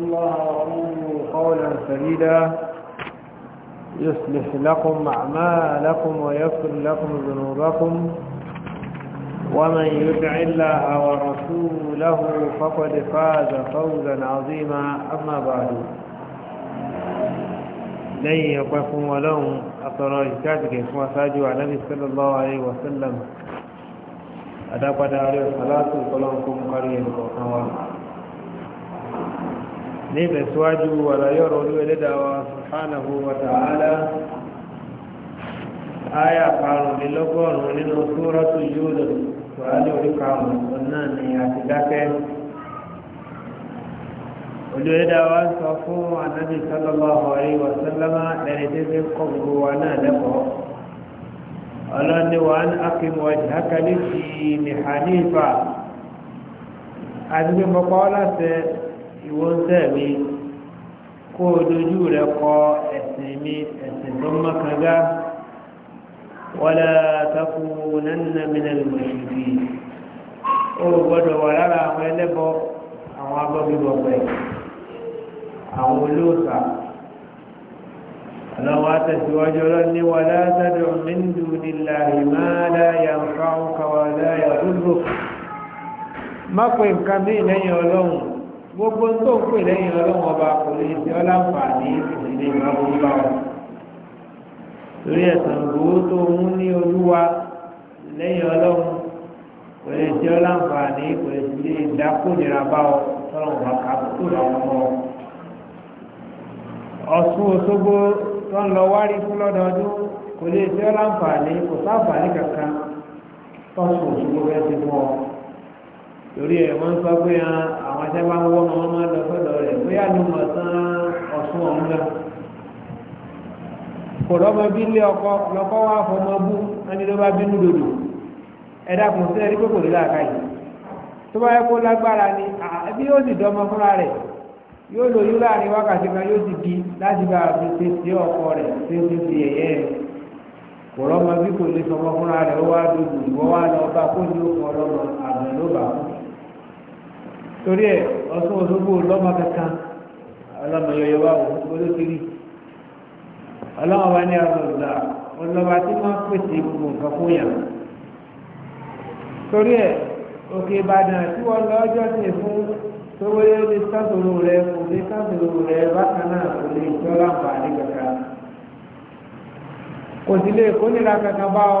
الله وقولوا قولا سديدا يصلح لكم أعمالكم ويغفر لكم ذنوبكم ومن يدع الله ورسوله فقد فاز فوزا عظيما أما بعد لن يقفوا لهم أطراء الكاتب كما ساجوا على النبي صلى الله عليه وسلم أدقوا عليه الصلاة والسلام قريبا وقريبا ní ìbẹ̀síwájú wàlàyọ̀rọ̀ olú ẹlẹ́dàwà subhanahu wa ta'ala aya karùnlélọ́gọ́rùn-ún nínú sórọ́tù Yunus wàhálì orí karùn-ún náà ni àti dákẹ́ olú ẹlẹ́dàwà sọ fún anábì sallallahu alaihi wa sallama lẹ́ni kọ́ gbogbo wa náà lẹ́kọ̀ọ́ ọlọ́ni wa ń aqim wajhaka lid-dini hanifa àti pé láti ìwọ ń tẹ̀ mí kó o dojú rẹ kọ ẹ̀sìn mi ẹ̀sìn tó mọ́ kan gá wala takunanna minal mushrikin ó gbọ́dọ̀ wà lára àwọn ẹlẹ́bọ àwọn abọ́bíbọ̀pẹ̀ àwọn olóòṣà ọlọ́wọ́ àtẹ̀síwájú ọlọ́ni wà látàdọ̀ mìíndù nílà ìmáàlá yàmfà ń kàwà láyà rúrù mọ́pẹ̀ nǹkan mí lẹ́yìn ọlọ́run gbogbo tó ń pè lẹ́yìn ọlọ́wọ́ ọba kò lè ṣe ọ́ láǹfààní ìdílé ìmọ̀wó bá wọn. torí ẹ̀sán gbowó tó ń ní olúwa lẹ́yìn ọlọ́run kò lè ṣe ọ́ láǹfààní kò lè ṣe ìdákòdìrà bá ọ tọ́lọ̀ wà ká tó lọ wọn mọ́. Ọ̀ṣun Òṣogbo tó ń lọ wárí fún lọ́dọọdún kò lè ṣe ọ́ láǹfààní kò sáǹfààní kankan tọ́sùn Òṣogbo fẹ́ ti mú ọ torí ẹ̀ wọ́n sọ pé ah, àwọn ajá bá ń wọ́n wọn máa lọ sọ́dọ̀ rẹ̀ bóyá ló mọ̀ tán ọ̀sùn ọ̀hún náà kò lọ́mọ bí ilé ọkọ lọ́kọ́ wá fọmọ bú ẹni ló bá bínú dòdò ẹ̀dá kò sí ẹni pépò nílá àká yìí tó bá yẹ kó lágbára ni àbí yóò sì dọmọ fúnra rẹ̀ yóò lóyún láàrin wákàtí kan yóò sì di láti bá a fi ṣe sí ọkọ rẹ̀ ṣe ṣe ṣe yẹ̀yẹ́ rẹ̀ kò lọ́mọ bí kò lè sọmọ fúnra rẹ̀ ó wá dòdò ìwọ́ wá lọ bá kó ní ó kọ́ lọ́mọ àbẹ̀ ló bá fún torí ẹ̀ ọ̀sán òṣogbo lọ́mọ kankan ọlọ́mọ yọyọ wá wò olókiri ọlọ́mọ wa ní àwọn ọ̀gá ọlọ́ba tí wọ́n pèsè gbogbo nǹkan fún yàn torí ẹ̀ òkè ìbàdàn tí wọ́n lọ ọjọ́ sí fún tówó lórí sásòrò rẹ kò lè sásòrò rẹ bákan náà kò lè jọ láǹfààní kankan kò sì lè kó nira kankan bá ọ.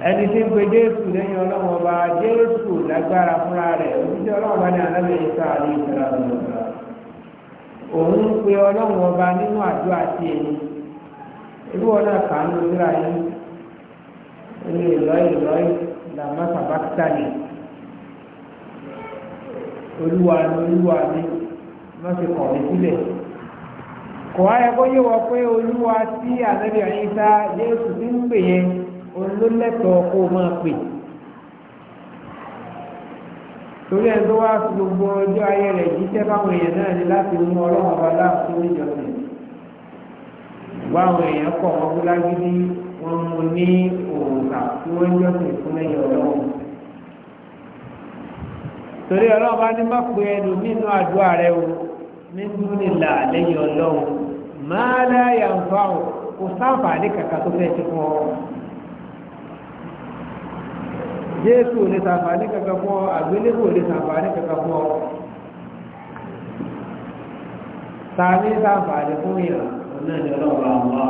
ẹni tí ń pe jésù lẹ́yìn ọlọ́run ọba jésù lágbára fúnra rẹ̀ òjíṣẹ́ ọlọ́run ọba ní alábẹ́ ìta àlè ìtura ọ̀dọ̀ òun ń pe ọlọ́run ọba nínú àjọ àti èyí ebi wọn náà kà yìí ní olúwa ni olúwa kọ̀ mí sílẹ̀ kò wáyé kó yé wọ pé olúwa tí sá jésù ti ń pè yẹn. ló lẹ́tọ̀ọ́ kó máa pè torí ẹni tó wá fi gbogbo ọjọ́ ayé rẹ̀ jíṣẹ́ báwọn èèyàn náà ni láti mú ọlọ́run ọba láàfin níjọsìn báwọn èèyàn kọ̀ wọ́n kú lágídí wọ́n mú ní òòkà tí wọ́n jọ́sìn fún lẹ́yìn ọlọ́run torí ọlọ́run bá ní má ẹnu nínú àdúrà rẹ o nínú nílà lẹ́yìn ọlọ́run máa láyà ń fa kò sáǹfà ní kàkà tó fẹ́ ti fún ọ jésù ò lè sàǹfààní kankan fún ọ àgbélébù ò lè sàǹfààní kankan fún ọ tàní sàǹfààní fún yàn ọ̀nà ìjọ náà bá wà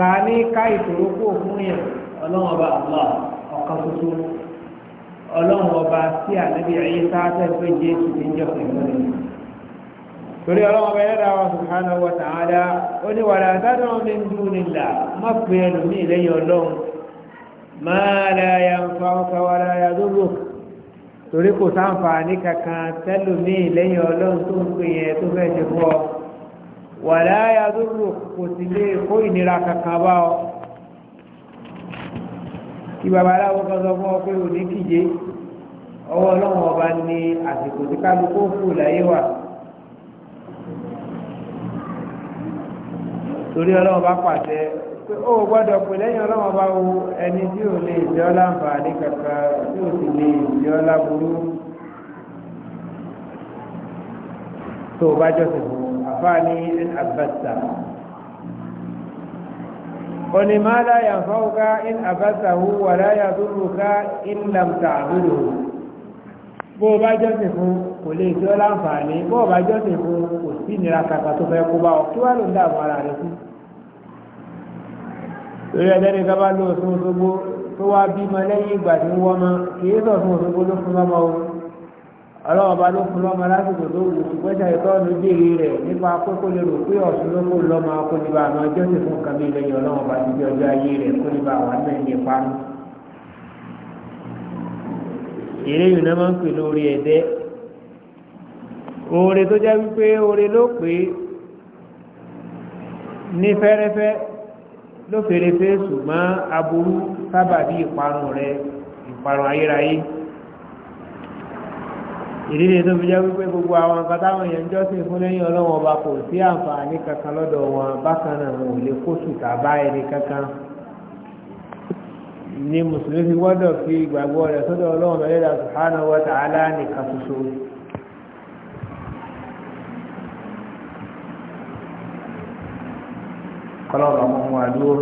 tàní ká ìṣòro kó fún yàn ọlọ́wọ́n bá wà ọ̀kan tuntun ọlọ́run ọba sí ànábì ayé sáájú pé jésù ti ń pẹ̀lú torí ọlọ́run ọba ẹ̀rọ àwọn subhanahu wa ó ní wàrà sádùn ń dúró nílà má pè ẹlòmíì lẹ́yìn ọlọ́run ما لا ينفعك ولا يضرك torí kò sáǹfààní kankan tẹ́lòmíì lẹ́yìn ọlọ́run tó ń pè yẹn tó fẹ́ ṣe fún ọ wala yadurruk kò sì lè kó ìnira bá ọ kí babaláwo kan sọ fún ọ pé òní kìje ọba ní àsìkò tí kálukú láyé pé ó gbọ́dọ̀ pè lẹ́yìn ọlọ́wọ́n bá wo ẹni tí ò lè jẹ́ ọ́ láǹfààní kankan tí ò sì lè jẹ́ ọ́ láburú tó o bá jọ́sìn fún àfáàní àbẹ̀sà oni ma la yanfauka in abasahu wa la yadurruka in lam ta'budu bó bá jọ́sìn fún kò lè jẹ́ láǹfààní bó bá jọ́sìn fún kò sí ìnira kankan tó fẹ́ kó bá ọ kí wá ló ń dààmú ara rẹ fún torí ẹgbẹ́ni sábà lò Ọ̀ṣun Òṣogbo tó wá bímọ lẹ́yìn ìgbà tí ń wọ́ ọmọ kì í sọ̀tún Òṣogbo ló fún lọ́mọ o ọlọ́wọ́ bá ló fún lọ́mọ lásìkò tó wù ú gbẹ́sẹ̀ ìtọ́nu jèrè rẹ̀ nípa kókó lè rò pé Ọ̀ṣun ló kó lọ́mọ akóníbà àmọ́ ọjọ́ sì fún kàmí lẹ́yìn ọlọ́wọ́ bá ti di ọjọ́ ayé rẹ̀ kóníbà wà náà ní ìparun. èrè yìí náà máa ń pè lórí ẹ̀dẹ́ oore tó jẹ́ wípé oore ló pé ní fẹ́rẹ́fẹ́ ló fèrè fẹ́ ṣùgbọ́n aburú sábàbí ìparun rẹ ìparun ayérayé ìdílé tó fi jẹ́ wípé gbogbo àwọn nǹkan táwọn èèyàn jọ́sìn fún lẹ́yìn ọlọ́wọ́n ọba kò sí àǹfààní kankan lọ́dọ̀ wọn bákan náà wọn ò lè kó sùtà bá ẹni kankan ni mùsùlùmí fi gbọ́dọ̀ fi ìgbàgbọ́ rẹ̀ sọ́dọ̀ ọlọ́wọ́n bẹ̀rẹ̀ subhanahu wa ta'ala nìkan ṣoṣo kọlọ́ọ̀bà mọ́ wọn àdúró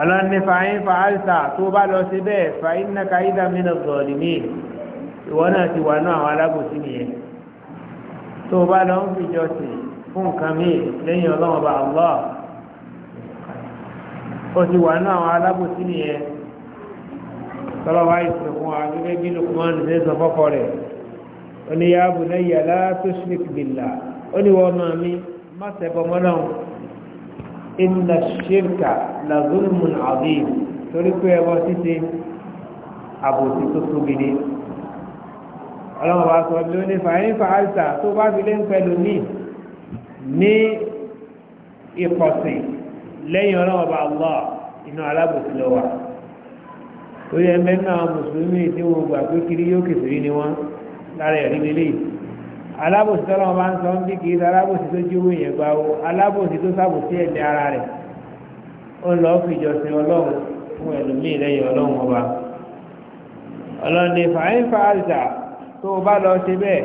ọlọ́run ní fàáyín fàáìsà tó bá lọ sí bẹ́ẹ̀ fàáyín náà ka ìdá mìíràn gọ̀ọ̀dì míì ìwọ náà ti wà náà àwọn alábòsí nìyẹn tó bá lọ ń fìjọ sí fún nǹkan míì lẹ́yìn ọlọ́run bá Allah ó ti wà náà àwọn alábòsí nìyẹn tọ́lọ́wá ìsìn wa gẹ́gẹ́ bí Lukman ṣe sọ fọ́kọ rẹ̀ ó ní yá bunayya la tushrik billah inna ṣírkà la zulmun azim torí pé ẹbọ ṣíṣe àbòsí tó tóbi ni ọlọ́run bá sọ ló ní fàáyín fàáìsà tó bá fi lé ń pẹ̀lú ní ní ìpọ̀sìn lẹ́yìn ọlọ́run bá lọ inú alábòsí lọ wà torí ẹgbẹ́ náà mùsùlùmí tí wọ́n gbà pé kiri yóò kèfèrí ni wọ́n lára ẹ̀rí lélẹ́yìí alábòsí tọ́lọ́ wọn bá ń sọ ń bí kìí alábòsí tó jí wúyẹn gba o alábòsí tó sábòsí ẹ̀mí ara rẹ̀ ó lọ fìjọsìn ọlọ́run fún ẹlòmíì lẹ́yìn ọlọ́run ọba ọlọ́ni fàáyín fàáza tó o bá lọ sí bẹ́ẹ̀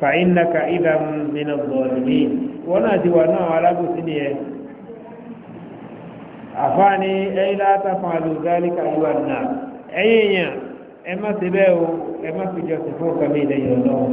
fàáyín naka ìdá nínú bọ̀ọ̀lùmí wọn náà ti wà náà alábòsí nìyẹn àfáàní ẹ̀yìn láta fún alùgáàlì kàlùwà náà ẹ̀yìn èèyàn ẹ má sí bẹ́ẹ̀ o ẹ má fìjọsìn fún kàmí lẹ́yìn ọlọ́run.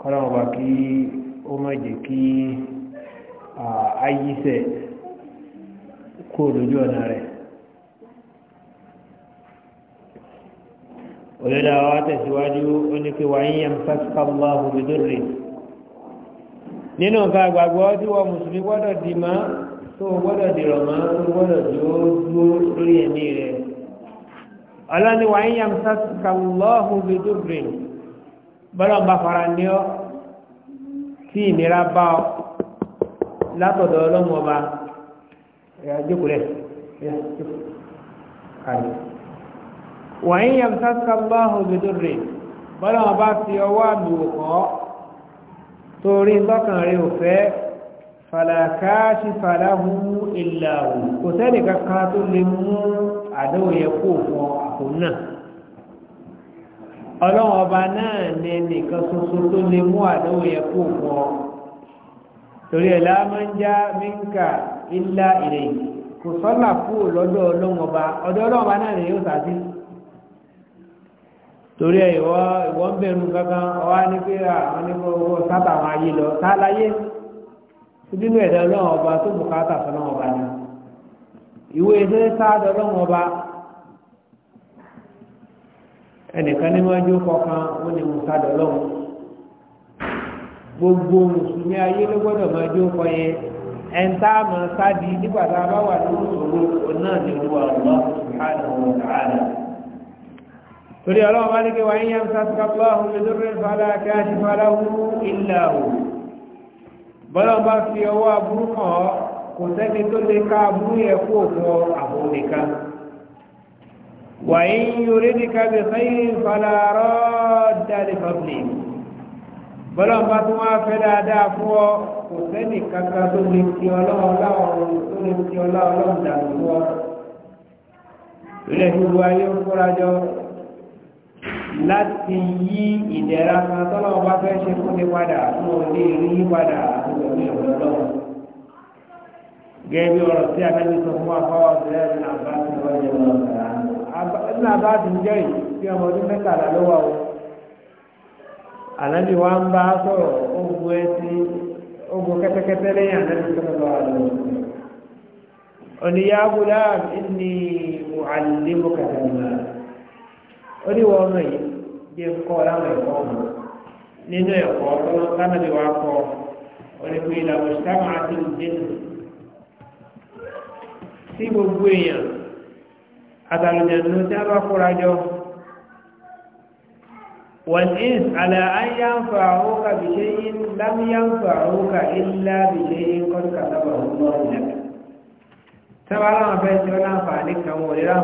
kọ́lọ́wọ́ bá kí ó má jẹ́ kí ayíṣẹ́ kó lójú ọ̀nà rẹ̀ olódà wa tẹ̀síwájú ó ní pé wàá yíyan fásitàláhù bìdúrì nínú nǹkan àgbàgbọ́ tí wọ́n mùsùlùmí gbọ́dọ̀ dì mọ́ tó gbọ́dọ̀ dìrọ̀ mọ́ tó gbọ́dọ̀ dúró dúró lórí ẹ̀mí rẹ̀ ọlọ́ni wàá yíyan fásitàláhù bìdúrì bọ́lọ̀ bá fara ní ọ́ tí ìnira bá ọ látọ̀dọ̀ ọlọ́mọ ọba jókòlẹ̀ wàyí yàm sáska bá òbìdó rẹ̀ bọ́lọ̀ bá fi ọwọ́ àmì òkọ́ torí tọ́kàn rẹ̀ ò fẹ́ fàlàkáṣí fàlàhún ìlàwò kò sẹ́nìkan kan tó lè mú àdéhùn yẹ kó fún àkóónà ọlọ́run ọba náà ní nìkan ṣoṣo tó lè mú kó torí ẹ̀lá láàmú ń já mínkà ilá ìrè kò sọ́là kúrò lọ́dọ̀ ọlọ́run náà nìyẹn yóò sàásì torí ẹ̀ bẹ̀rù kankan ọwá ní pé àwọn sábà lọ tá láyé nínú ẹ̀dá tó ẹnìkan ní wọ́n jó kọkan ó ní musa dọ̀lọ́hún gbogbo mùsùlùmí ayé ló gbọ́dọ̀ máa jó kọ yẹn ẹ̀ńtà máa sádi nígbà tá a bá wà lórí ìṣòro náà ní olúwa Allah subhanahu wa ta'ala torí ọlọ́run bá ní kí yẹn ń sásìkà fúláhùn lè lórí ìfàdà kí a ṣe fàdà wú ilẹ̀ o bọ́lọ́run bá fi ọwọ́ aburú kàn ọ́ kò sẹ́ni tó lè ká aburú yẹ kó òfin àbò nìkan وإن يردك بخير فلا راد لفضله bọ́lá bá tún wá fẹ́ dáadáa fún ọ kò sẹ́nì kankan tó lè ti ọlọ́run láwọn tó lè ti ọlọ́run dànù fún ọ. ilé gbogbo ayé ń kóra jọ láti yí ìdẹ̀ra kan tọ́lọ́run bá fẹ́ ṣe fún mi padà fún ọ lè rí padà àtúntò ìrọ̀lọ́run. gẹ́gẹ́ bí ọ̀rọ̀ tí a sọ fún afọ́wọ́sẹ̀ ẹ̀ ní àbá ti wọ́n jẹ́ lọ́sàá ní abáàdì ń jẹ́ yìí bí ọmọ ọdún mẹ́tàlá ló wà o ànábì wa ń bá sọ̀rọ̀ ogun ẹtí ogun kẹ́tẹ́kẹ́tẹ́ lẹ́yìn ànábì sọ̀rọ̀ lọ́wọ́ àlọ́ oníyá abúlá ní muallimu kàtàkùnà ó ní wọ́n mọ̀ yìí bí n láwọn ẹ̀kọ́ ọ̀hún nínú ẹ̀kọ́ ọ̀hún kánàbì wa kọ́ onípe ìlànà ìṣàmù àti ìdílé sí gbogbo èèyàn àtàlùjẹ̀dùnú tí a bá kóra jọ wọ́n is àlà ayá ń fa àwọ́kà bí ṣe yí lámíyá ń fa àwọ́kà ilá bí ṣe yí kọ́ríkà sábà ọmọ ìlẹ̀ sábà láwọn fẹ́ tí tó kóra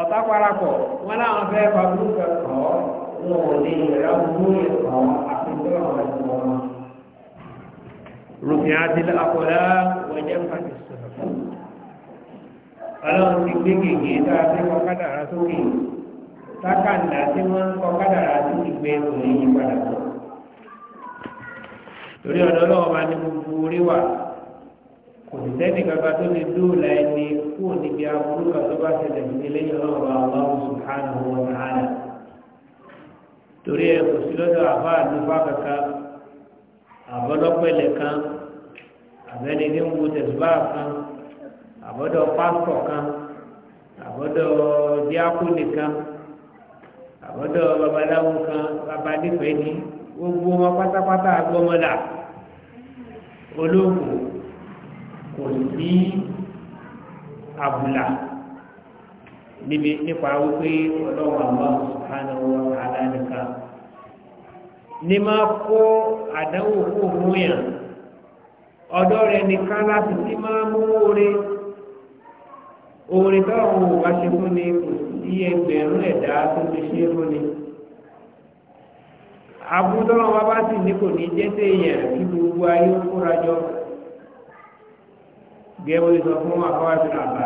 ọ̀tá parapọ̀ wọn láwọn fẹ́ fagbúrú kẹ́kọ̀ọ́ wọn ò lè yẹra owó ẹ̀kọ́ àfihàn ọ̀rọ̀ ẹ̀kọ́ wọn. rúbìn adìlẹ akọlá wọjẹ pàtẹ sọ̀rọ̀ Ọlọ́run ti gbé gègé tá a fẹ́ kọ kádàrá sókè tákàndá tí wọn ń kọ kádàrá sí ìgbẹ kò lè yí padà. torí ọ̀dọ́ ọlọ́wọ́ bá ní gbogbo orí wà kò sì sẹ́ni kankan tó lè dóòlà ẹni kúrò níbi aburú kan tó bá ṣẹlẹ̀ níbi lẹ́yìn ọlọ́run Allahu subhanahu wa ta'ala torí ẹ kò sí lọ́dọ̀ àbá àdúgbò kankan àbọ́dọ́pẹ̀lẹ̀ kan àbẹ́ni ní wo tẹ̀síbá kan àbọ́dọ̀ pásítọ̀ kan àbọ́dọ̀ díákùnì kan àbọ́dọ̀ babaláwo kan babanífẹ̀ẹ́ ni gbogbo wọn pátápátá agbọ́mọdà olóògùn kò sí àbùlà níbi nípa wípé ọlọ́wọ́ àwọn ọ̀sán àwọn aláìníkà ní máa kó àdánwò kó mú yàn ọ̀dọ́ rẹ̀ nìkan láti ní máa mú oore oore táwọn òwà ṣe fún ni kò sí ẹgbẹ̀rún ẹ̀dá tó ti ṣe fún ni àbúdọ́rọ̀ wa bá sì ní kò ní jẹ́ sí èèyàn kí gbogbo ayé kóra jọ gẹ́gbẹ́ sọ fún àkọwà sí àbá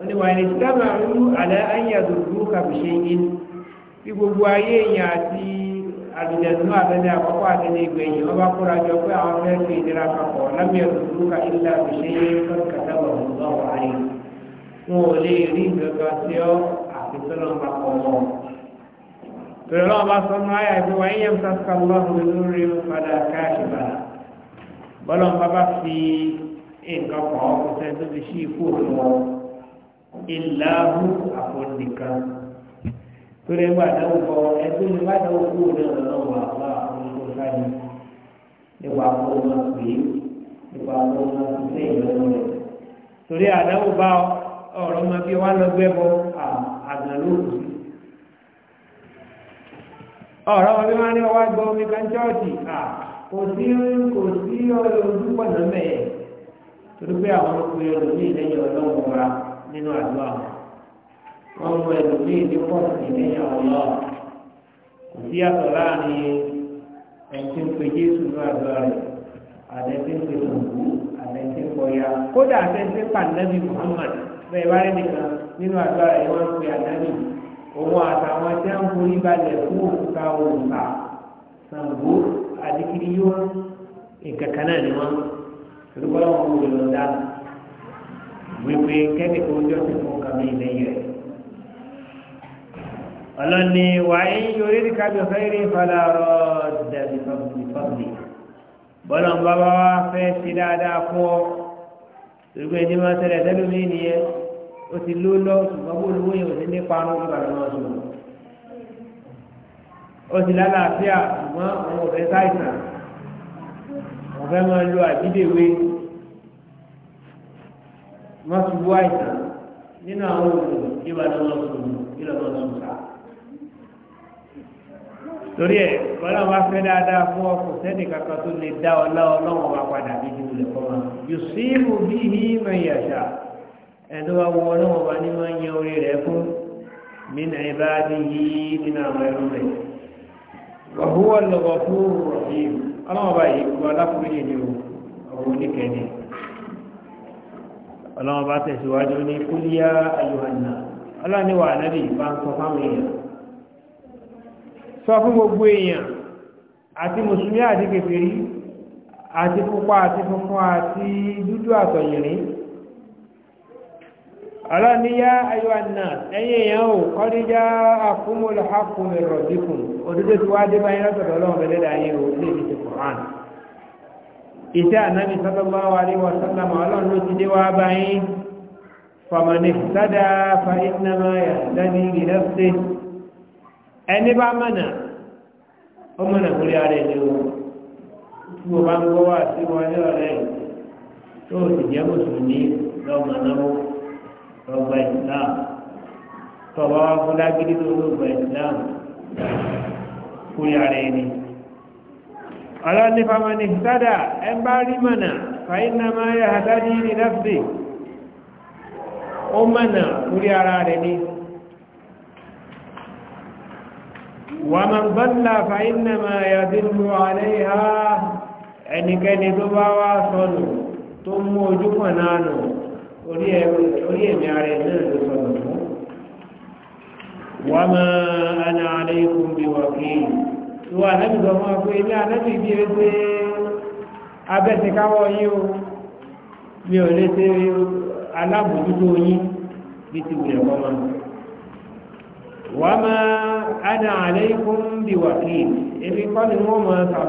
ó ní wà ní sábà rú àlẹ́ àyàdù rúkà fi ṣe yín bí gbogbo ayé èèyàn àti àlùjẹ̀dùnú àtẹ́lẹ̀ àkọ́kọ́ àtẹ́lẹ̀ ìgbẹ̀yìn wọ́n bá kóra jọ pé àwọn fẹ́ fi ìdíra papọ̀ lábẹ́ẹ̀dù rúkà ilá fi ṣe yín kọ́kàtàbọ̀ lọ́wọ́ ayé wọn ò lè rí nǹkan sí ọ àfi sọ́nà nǹkan kan ọkùnrin tó fi ṣí ikú fún ọ ìlàhù àfọ̀nìkan torí ẹgbẹ́ àdáwò kọ ẹgbẹ́ ní wàá dáwò kú ní ọ̀nà náà wà wá àwọn ìṣòro nípa àwọn ọmọ pè é nípa àwọn ọmọ ṣiṣẹ́ ìlọ́wọ́ rẹ̀ torí àdáwò bá ọ̀rọ̀ ọmọ bíi wà lọ gbẹ́ bọ àgbà ọ̀rọ̀ ọmọ bíi wà ní ọwọ́ gbọ́ omi kan chọ́ọ̀tì kò sí kò sí olùdúpọ̀ náà mẹ́ẹ̀ẹ́ torí pé àwọn ọkùnrin ẹlòmíì lẹ́yìn ọlọ́run wa nínú àdúrà wọn mú ẹlòmíì ní pọ́ọ̀sì lẹ́yìn ọlọ́run kò sí àtọ̀ láàrin ẹ̀ńtí ń pe jésù ní àdúrà rẹ̀ àdẹ́tí ń pe tòǹkù àdẹ́tí ń kọyà kódà àtẹ́tí pàdánù muhammad bẹ́ẹ̀ bá nìkan nínú àdúrà rẹ̀ wọ́n pe àdánù òun àtàwọn tí wọ́n ń forí balẹ̀ fún òkúta òǹkà Ṣàngó adikiri yóò nǹkan ni wọ́n ìdúgbòlò wọn kò lọ dáná wípé kẹ́ni kò ń jọ́sìn fún kàmí lẹ́yìn rẹ̀ ọlọ́ni wàá yorí ní kájọ fẹ́ẹ́rì falárọ̀ dàbí fọ́ọ̀mì bọ́lá ń bá wá fẹ́ ti dáadáa fún ọ ìdúgbò ẹni máa tẹ̀lé tẹ́lómi nìyẹn ó ti ló lọ ṣùgbọ́n bó lówó yẹn ò sí ní parun ìbàdàn náà ṣùgbọ́n ó ti lálàáfíà ṣùgbọ́n òun ò fẹ́ sáìsàn àfẹ́ máa lo àdídèwé wọ́n ti wá ìtàn nínú àwọn òòlù yíba ní wọ́n sùn yíba ní wọ́n sùn sá. torí ẹ wọn náà wá fẹ́ dáadáa fún ọkọ̀ sẹ́ni kankan tó lè dá ọlá ọlọ́wọ́n wá padà bí ju ilẹ̀ fọ́nmà yòsíìmù bí yìí máa yà sá ẹ̀dọ́ wa wọ ọlọ́wọ́n wa ní máa ń orí rẹ̀ fún mí náà ibà á di yìí nínú àwọn ẹrú rẹ̀ wàhúwà lọ́wọ́ fún rọ̀hìm ọlọ́mọba yìí wà láfúrúyè ní ọ̀rọ̀ oníkẹ́ni ọlọ́mọba tẹ̀síwájú ní kúlíyà ayọ̀hánà ọlọ́niwà ànábì bá ń sọ fáwọn èèyàn sọ fún gbogbo èèyàn àti mùsùlùmí àti kèfèrí àti pupa àti funfun àti dúdú àtọ̀yìnrín ọlọ́ni yá ayọ́ àná ẹ̀yìn èèyàn ò kọ́díjá àkúmọ̀lù àkúmọ̀ ìrọ̀díkùn òdúdó ti wá dé báyìí lọ́sọ̀dọ̀ ọlọ́run bẹ̀lẹ́ dàáyé ò ní ìdíje Qur'an iṣẹ́ ànábi sallallahu alaihi wa sallam ọlọ́run ló ti dé wá báyìí fọmọ̀nì sádà fa innama yahtadi li nafsihi ẹni bá mọ̀nà ó ọgbà islam tọ̀wọ́ fúlágídí tó lọ́gbà islam kúrìára ẹni ọlọ́nifàmà ní sádà ẹmbá rí mọ̀nà fàínà máa yà àtàdí ní láti ó mọ̀nà kúrìára rẹ̀ ni wà máa gbọ́nlá fàínà máa yà dínú àléhà ẹnikẹ́ni tó bá wá sọnù tó mú ojú pọ̀ náà nù orí ẹ̀mí ara náà ló ana bí tí mi ò lè ṣe alábòjútó yín bí ti wùlẹ̀ máa ana bí wọ́n kí ebi kọ́ ni wọ́n máa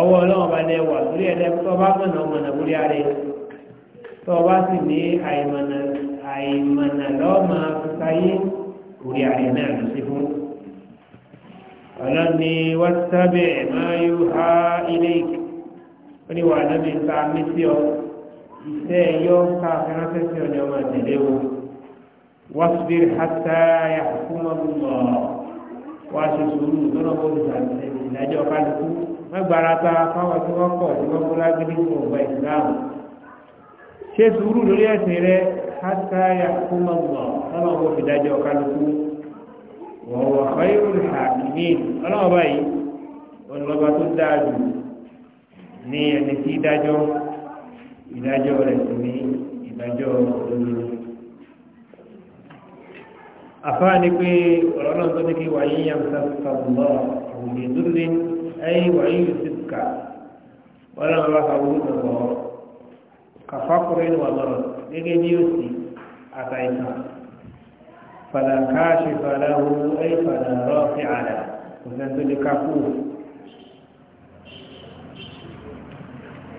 ọwọ́ lórí bá mọ̀nà tó o bá sì ní àìmọ̀nà lọ́ọ́ máa fi sáyé orí ààrẹ náà ló sí fún. ọlọ́ni wọ́n sábẹ̀ máa yóò há ilé ìkẹ́ ó ní wà lóbi ta mí sí ọ iṣẹ́ yọ ká ránṣẹ́ sí ọjọ́ máa tẹ̀lé o wasbir hatta yahkuma Allah wá ṣe sùúrù lọ́nà bó ti sàtẹ̀ ìdájọ́ kálukú mẹ́gbàrá ta fáwọn tí wọ́n kọ̀ tí wọ́n kó lágbídí fún ọgbà ìsìláàmù ṣe sùúrù lórí ẹ̀sìn rẹ hátàyà kúmọ̀gbọ̀n ọlọ́wọ́ fi dájọ́ kálukú wọ́n wọ́n fẹ́ ìrù hàkìmí ọlọ́wọ́ báyìí ọlọ́ba rẹ̀ sì ní ìdájọ́ ni pé ọ̀rọ̀ náà tó ní kí wàyí yàn sàkà lọ òun lè dúró ní ẹ̀yìn wàyí yóò sì kà ọlọ́run bá fa orúkọ lọ́wọ́ kàfàkùrẹ́ ìwà lọ́rọ̀ gẹ́gẹ́ bí ó sì àtàìsàn fàlàkáṣì fàlàwò ẹ̀ fàlàrọ̀ fi àdà kò sẹ́ni tó lè kákú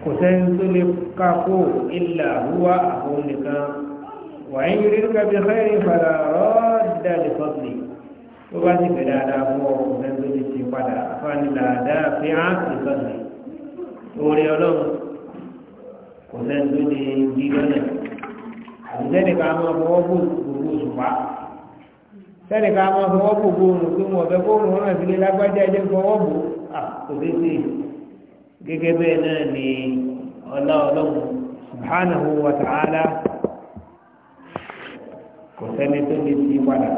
kò sẹ́ni tó lè kákú ìlà húwà àwọn nìkan wà ń yúrí ká bí xẹ́rì fàlàrọ̀ dàlí fọ́tìlì tó bá ti bẹ̀rẹ̀ àdáa fún ọ kò sẹ́ni tó lè ti padà fàlàdà fi hàn sí fọ́tìlì orí ọlọ́run kò sẹ́ni tó lè di lọ́nà àbísẹ́ni ká máa fọwọ́ bò gbogbo òṣùpá sẹ́ni ká máa fọwọ́ bò gbòòrùn pé wọn ọ̀fẹ́ fóònù rán ìdílé lágbájá ẹjẹ́ fọwọ́ bò kò dé sí gẹ́gẹ́ bẹ́ẹ̀ náà ni ọlá ọlọ́run subhanahu wa ta'ala kò sẹ́ni tó di ti padà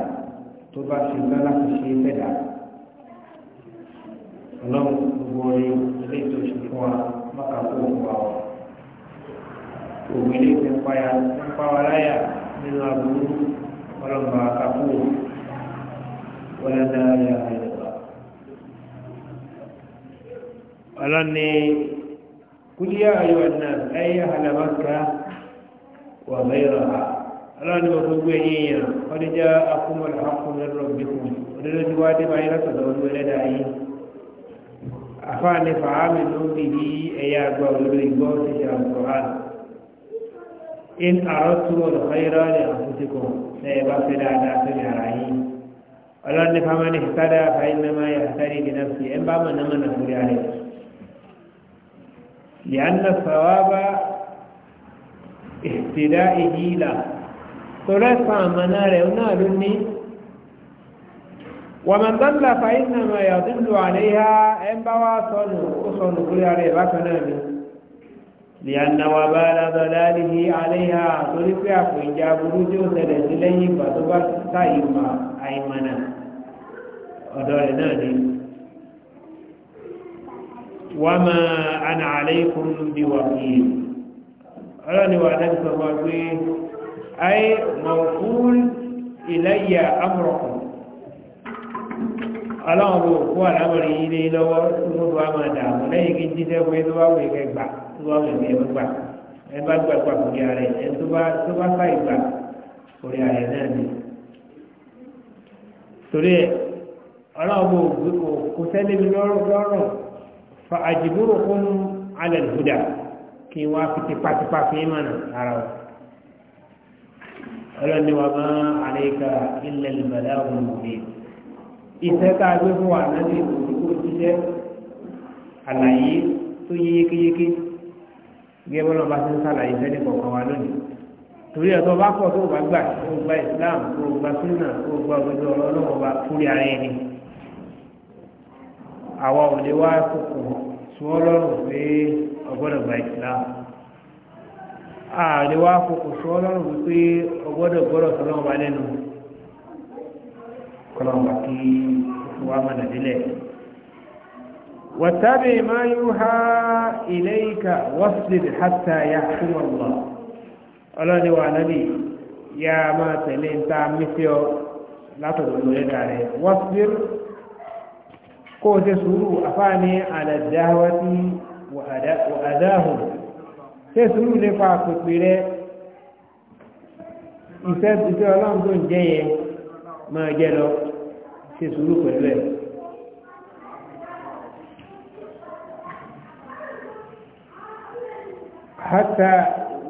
tó bá ṣe tán láti ṣe fẹ́dà ọlọ́run gbogbo orin ilé ìtòsí fún wa mọ́kàkó fún wa ọ̀ òwe lè fi ń payà ń pa wa láyà nínú àbúrú ọlọ́mọ àkàkù wọlé dáadáa àìlèbá. ọlọ́ni kúdíyà ayọ̀ ẹ̀nà ẹ̀yẹ àlàmáka wà bẹ́ẹ̀rọ̀ ha ọlọ́ni wọ́n gbogbo ẹ̀yìn yẹn ọdíjà akúmọ̀lá akúmọ̀lá rọ̀bìkún ọdíjọ́ wá dé báyìí látọ̀dọ̀ ọdún ẹlẹ́dàá yìí àfáàní fàámi ló ń bì ní ẹ̀yà olórí gbọ́ ti ṣe àkùrán in àrọ́tú olùkọ́yìrọ́ ní àfúntíkù ní ẹ̀bá fi dáadáa sí yàrá yìí ọlọ́ni fámánì ìsádà fàínàmá yàtàrí ìdínà sí ẹ̀ ń bá mọ̀nà mọ̀nà fúri àrẹ yànnà sàwábà ìsìdá ìjìlá torí ẹ̀sán àmàna rẹ̀ náà ló ní wàmàn dánlá fàínàmá yàtúndù àléyà ẹ̀ ń bá wá sọnù ó sọnù fúri àrẹ ìbákan náà ni lìyànà wà bá alábàlá nìyí àléhà torí pé àpò ìjà burú tí ó ṣẹlẹ̀ sí lẹ́yìn ìgbà tó bá ta ìmọ̀ àìmọ̀nà ọ̀dọ̀ rẹ̀ náà ni. wà máa àná àlékún bí wà fi ọlọ́ni wà ọlọ́run bò kó àlámọ̀rí ilé lọ́wọ́ tó bá máa dààmú lẹ́yìn kí jíṣẹ́ fún ẹni tó bá wù ẹ̀kẹ́ gbà tó bá wù ẹ̀kẹ́ gbà ẹ bá gbà gbà kò yára ẹ̀ ẹ tó bá tó bá fà ìgbà orí ààrẹ náà ni. torí ẹ ọlọ́run bò kò sẹ́ni mi lọ́rùn fa àjìbúrò fún alẹ́ ìhùdà kí wọ́n á fi tipátipá fi ń mọ̀nà ara wọn. ọlọ́run ni wàá máa àlẹ́ ìka ilẹ̀ ìbàdàn iṣẹ́ tá a gbé fún wa nábì òdìkó ṣiṣẹ́ àlàyé tó yé yékéyéké gẹ́gẹ́ bọ́lá bá ti ń sàlàyé sẹ́ni kọ̀ọ̀kan wa lónìí torí ẹ̀ tó bá pọ̀ tó bá gbà tó gba Islam tó gba sunna tó gba òdodo ọlọ́run ọba fúri ara ẹni àwa ò lè wá kókò sún ọlọ́run pé ọgbọ́dọ̀ gba Islam àà lè wá kókò sún ọlọ́run pé ọgbọ́dọ̀ gbọ́dọ̀ sọlọ́run ọba lẹ́nu kọlọ́mà kí wà mọ̀nà délẹ̀ wàtàbí ma yóò ha ilé ìka wọ́sílì hátà ya fún ọ̀lọ́ ọlọ́ni wà nábì ya máa tẹ̀lé ń ta mísíọ́ látọ̀dọ̀ lórí rẹ̀ wọ́síl kó o ṣe sùúrù afáàní àdàdáwátì wàdáhùn ṣe sùúrù nípa pèpè rẹ̀ ìfẹ́ ìfẹ́ ọlọ́run tó ń jẹ́ yẹn máa jẹ lọ ṣe sùúrù pẹ̀lú ẹ̀. hata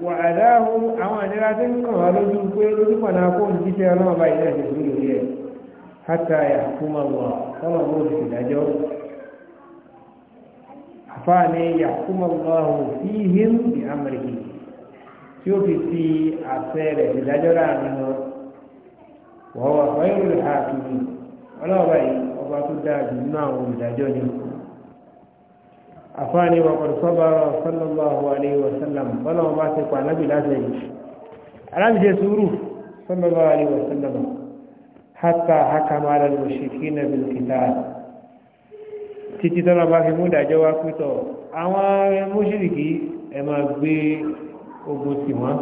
wà aláhùn àwọn àdírá tí ń kàn wá lójú pé lójú pọ̀nà kó ní jíṣẹ́ ọlọ́run báyìí náà ṣe sùúrù rí ẹ̀ hata yàkúmà wà ọlọ́run ó sí ìhìn bí tí ó fi fi àfẹ́ rẹ̀ ìdájọ́ láàrin wọn wọ́n wà báyìí wọ́n lè ha kìíní ọlọ́ọ̀bá yìí ọba tó dáa jù nínú àwọn olùdájọ́ ni. àfáàní wọn kò sọ́ba ọ̀rọ̀ sallallahu alayhi wa sallam bọ́lá wọn bá ti pa anábì láti ẹ̀yìn alábìjẹ sùúrù sallallahu alayhi wa sallam hatta hakama ala al-mushrikina bil qital títí tọ́lá bá fi mú ìdájọ́ wá pítọ̀ àwọn mùṣírìkí ẹ̀ máa gbé ogun sí wọn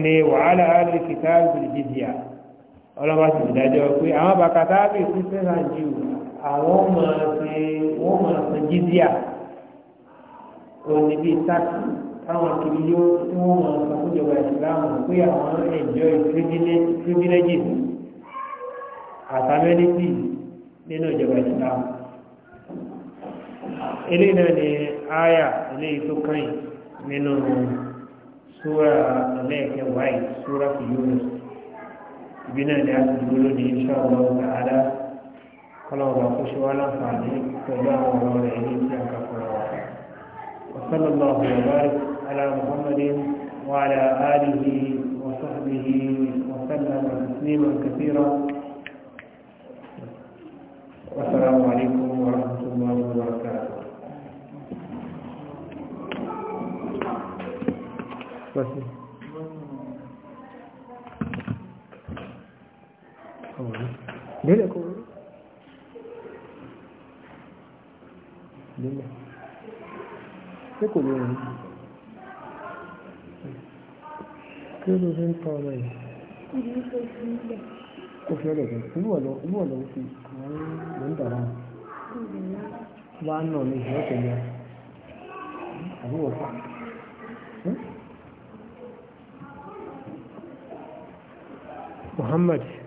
ní wàhálà àti kìtàbí bìlìbìdìyà ọlọ́mọ ti ìdájọ́ pé àwọn bàkàtàbí christian and jew àwọn máa ṣe wọ́n máa ṣe jizíà òní bíi táàkì táwọn kiri yóò tí wọ́n máa sọ fún ìsìláàmù pé àwọn enjoy privileges àtàmẹ́lẹ́tì nínú ìjọba ìsìláàmù eléyìí náà ni aya eléyìí tó kàn nínú ọ̀hún. سورة ملك وعي سورة يونس بنا جاءت تقولون إن شاء الله تعالى قال الله خش ولا فعلي فجاء الله لعلي سيانك وصلى الله وبارك على محمد وعلى آله وصحبه وسلم تسليما كثيرا kọ sí kò rú délẹ̀ tí kò lè rí kí ló fi ń tọ́ ọmọ yìí kò fi ọlẹ̀ inú ọ̀lọ́ fi ló ń dàrá náà ní ìṣẹ́ ọ̀tẹ̀lẹ̀ àbúrò fà muhammad